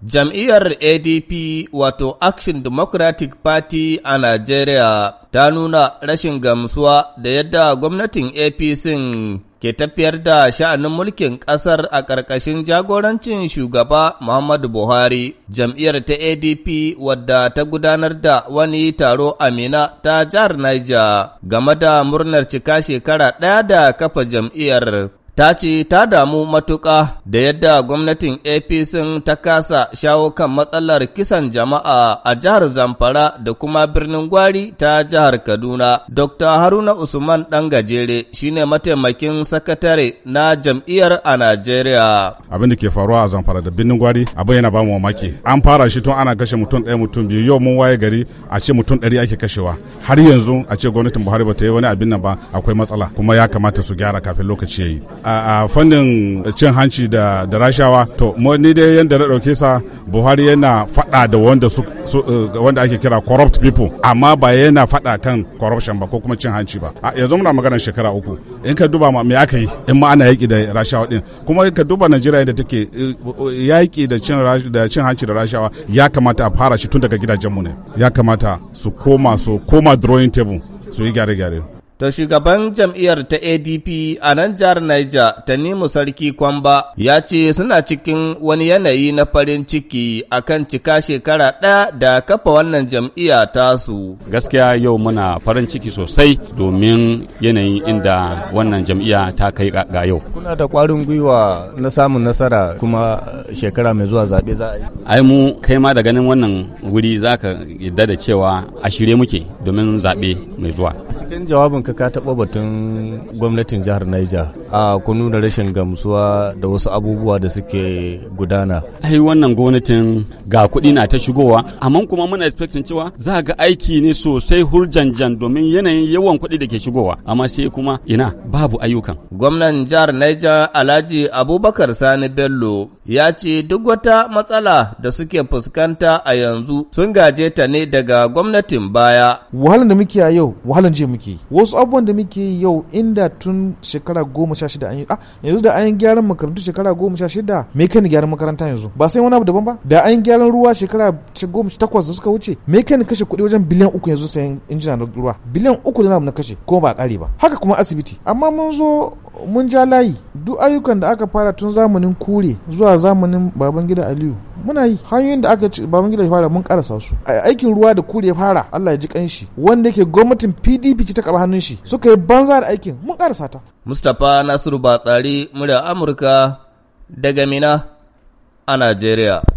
Jam'iyyar ADP wato Action Democratic Party a Najeriya ta nuna rashin gamsuwa da yadda gwamnatin APC ke tafiyar da sha'anin mulkin ƙasar a ƙarƙashin jagorancin shugaba Muhammadu Buhari. Jam'iyyar ta ADP wadda ta gudanar da wani taro Amina ta jihar Niger game da murnar cika shekara ɗaya da kafa jam'iyyar ta ce ta damu matuƙa da yadda gwamnatin APC ta kasa shawo kan matsalar kisan jama'a a jihar Zamfara da kuma birnin Gwari ta jihar Kaduna. Dr. Haruna Usman ɗan gajere shine mataimakin sakatare na jam'iyyar a Najeriya. Abin da ke faruwa a Zamfara da birnin Gwari abin yana ba mu mamaki. An fara shi tun ana kashe mutum ɗaya mutum biyu yau mun waye gari a ce mutum ɗari ake kashewa. Har yanzu a ce gwamnatin Buhari ba ta yi wani abin nan ba akwai matsala kuma ya kamata su gyara kafin lokaci ya yi. a fannin cin hanci da rashawa to mo ni dai yadda na dauke sa buhari yana faɗa da wanda su eh, wanda ake kira corrupt people amma ba yana faɗa kan corruption ba ko kuma cin hanci ba a yanzu muna magana shekara uku in ka duba ma me aka yi in ma ana yaƙi da rashawa din kuma in ka duba najeriya da take eh, eh, yaki da cin da cin hanci da rashawa ya kamata a fara shi tun daga mu ne ya kamata su koma su koma drawing table su yi gyare-gyare ta shugaban jam'iyyar ta ADP a nan jihar Niger, Tanimu Sarki Kwamba, ya ce suna cikin wani yanayi na farin ciki akan cika shekara ɗaya da kafa wannan jam'iyya tasu. Gaskiya yau muna farin ciki sosai domin yanayin inda wannan jam'iyya ta kai ga yau. Kuna da ƙwarin gwiwa na samun nasara kuma shekara mai zuwa zaɓe za a yi. Ai mu kai ma da ganin wannan wuri za ka yadda da cewa a shirye muke domin zaɓe mai zuwa. Cikin jawabin ka ka taɓa batun gwamnatin jihar Niger a kunu da rashin gamsuwa da wasu abubuwa da suke gudana. Ai wannan gwamnatin ga kuɗi na ta shigowa amma kuma muna expecting cewa za ga aiki ne sosai hurjanjan domin yanayin yawan kuɗi da ke shigowa amma sai kuma ina babu ayyukan. Gwamnan jihar Niger Alhaji Abubakar Sani Bello ya ce duk wata matsala da suke fuskanta a yanzu sun gaje ta ne daga gwamnatin baya. Wahalar da muke a yau wahalar je muke. Wasu abubuwan da muke yi yau inda tun shekara goma sha shida an yi ah, yanzu da an yi gyaran makarantu shekara goma sha shida me kai gyaran makaranta yanzu ba sai wani abu daban ba da an yi gyaran ruwa shekara goma sha takwas da suka wuce me kai kashe kuɗi wajen biliyan uku yanzu sayan injina na ruwa biliyan uku da na kashe kuma ba a ƙare ba haka kuma asibiti amma mun zo mun ja layi duk ayyukan da aka fara tun zamanin kure zuwa zamanin babangida aliyu muna yi hanyoyin da aka ci babangida ya fara mun karasa su aikin ruwa da kure ya fara allah ya ji kanshi wanda yake gwamnatin pdp ci ta karɓi hannun shi suka yi banza da aikin mun karasa ta mustapha nasiru batsari murya amurka daga mina a najeriya